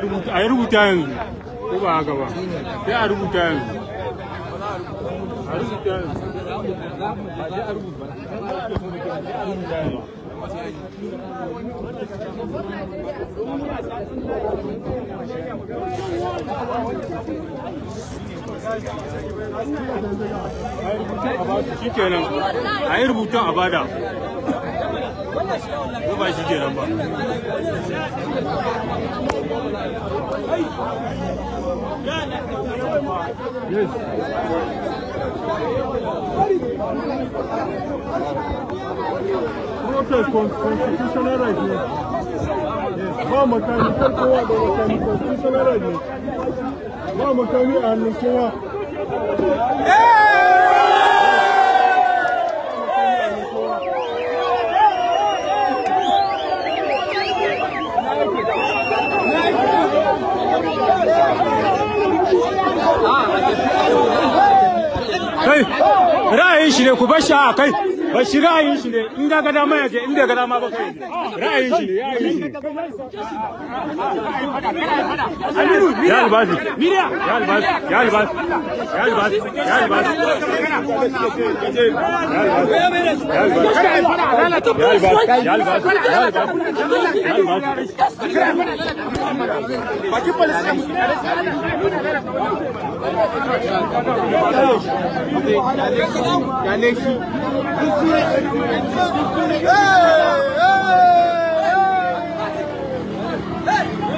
a rubuta a rubuta yanzu ko ba haka ba sai a rubuta yanzu a rubuta shi kenan a yi rubutun a bada ba shi kenan ba Protest constitutional right ne. Ba makami kar kowa da makami constitutional right ne. Ba makami a hannun kowa. rai ra'ayin shi ne ku bar shi a kai ba shi ra'ayin shi ne in ga dama ya je in ga dama ba kai ra'ayin shi ne ra'ayin shi ne ya albashi ya albashi ya albashi ya albashi ya albashi ya albashi ya albashi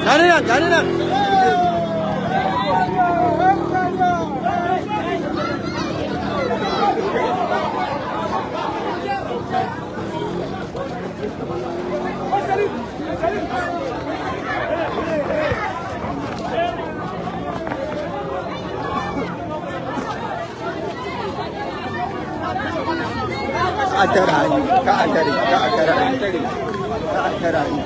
잘해라 잘해라 كأترعي كأترعي كأترعي كأترعي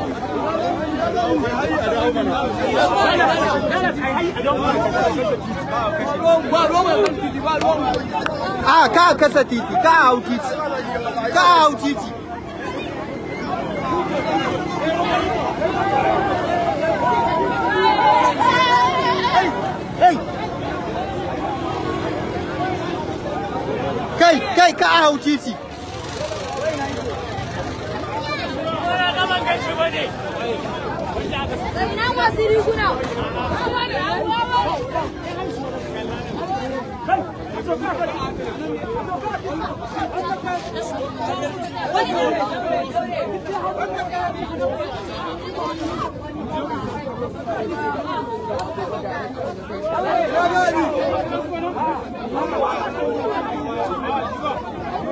a ka kasa titi ka hau titi ka hau titi kai kai ka hau titi gode. Ina masu riguna. Thank you.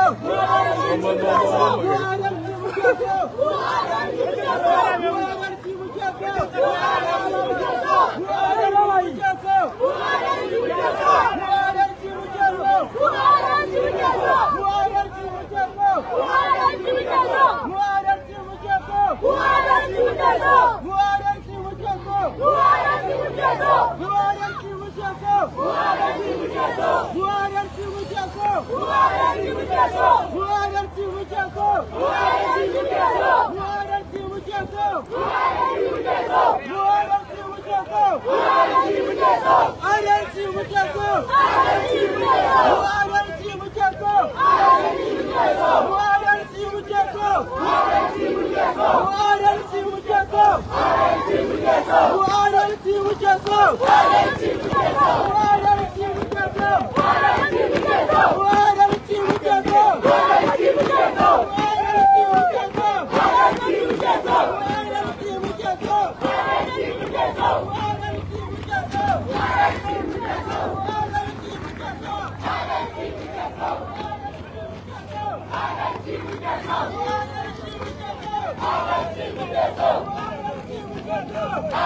Brasil! O Brasil! O Brasil! Glória a Deus!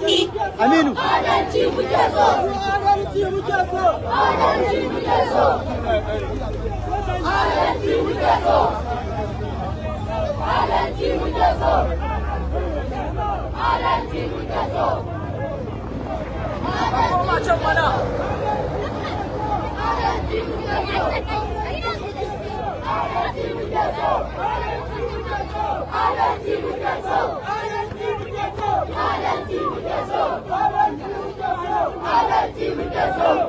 Aminu. Adalci muke so. Adalci muke so. Adalci muke so. Adalci muke so. Adalci muke so. Adalci muke so. Adalci muke so. Adalci muke so. Adalci muke so. Thank you.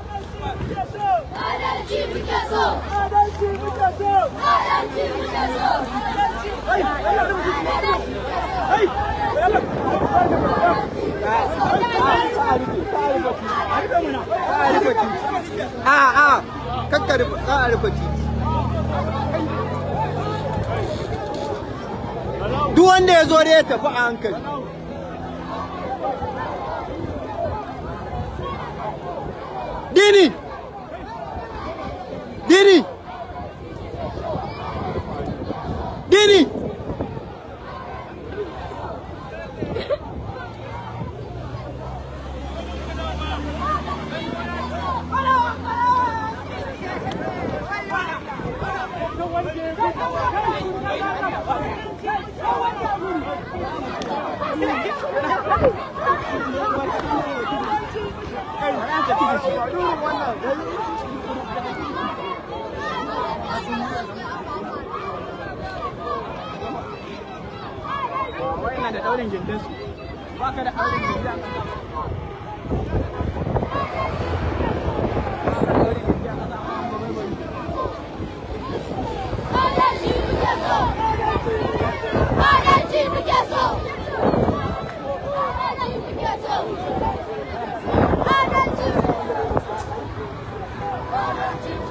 a duk wanda ya zo da ya tafi a hankali dini dini baka da daurin gindin su baka da daurin gindin a kasa baka da daurin gindin a kasa amma ba bai bai Bada shi muke so! Bada shi muke so! Bada shi muke so! Bada shi muke so!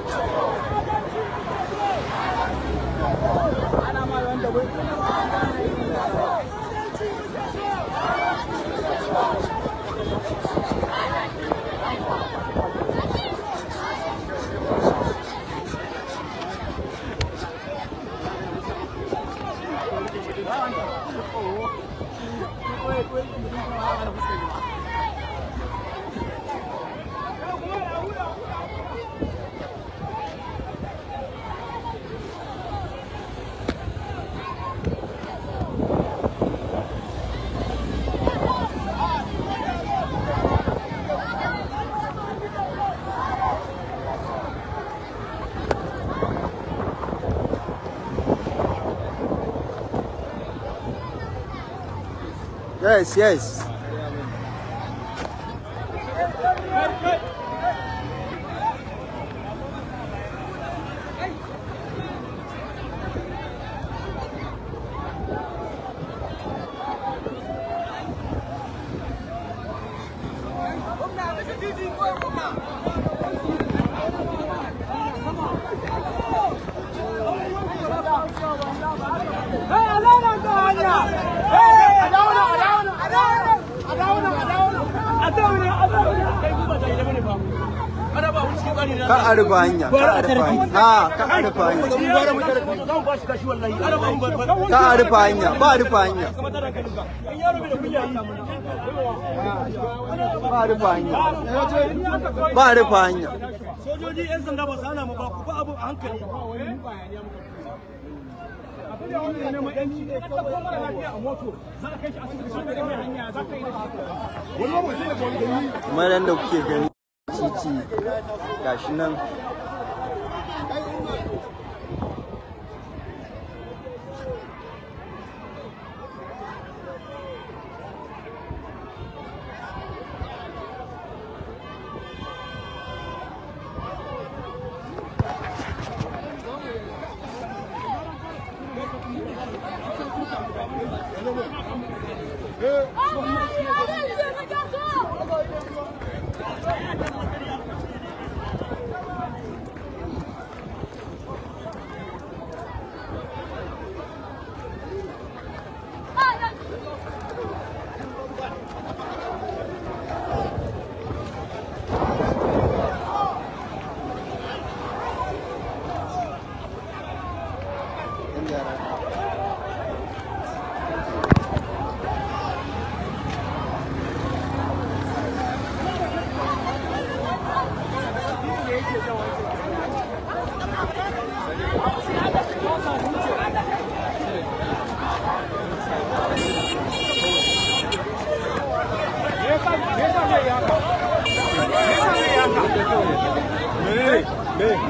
Yes, yes. rufe hanya ka a rufe a ba a hanya ba hanya sojoji yan ba a kuke gani titi gashi nan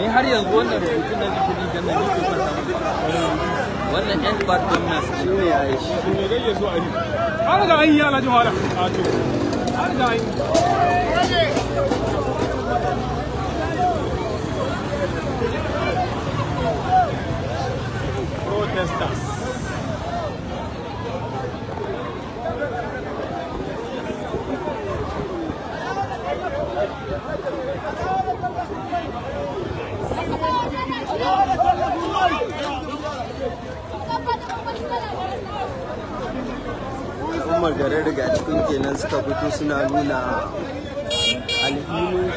ni har yanzu wannan rubutun na jikin rigar na jikin kwanta wannan yan kwardon na su ne ya yi shi ne zai yi so a yi an ga an yi alhaji wala a to an ga an yi protesters. ko suna nuna alhinin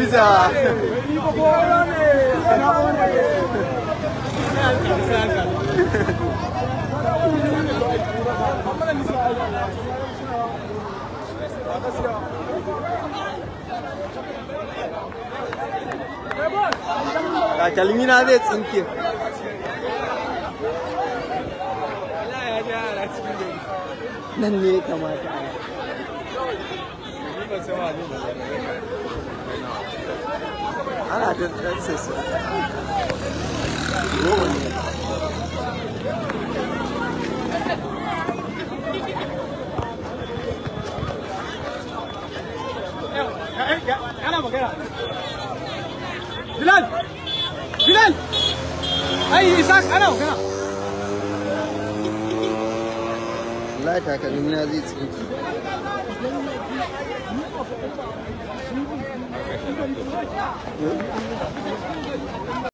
Bisa. Takalmina zai tsinke. nan ne kamata a ana ta ɗan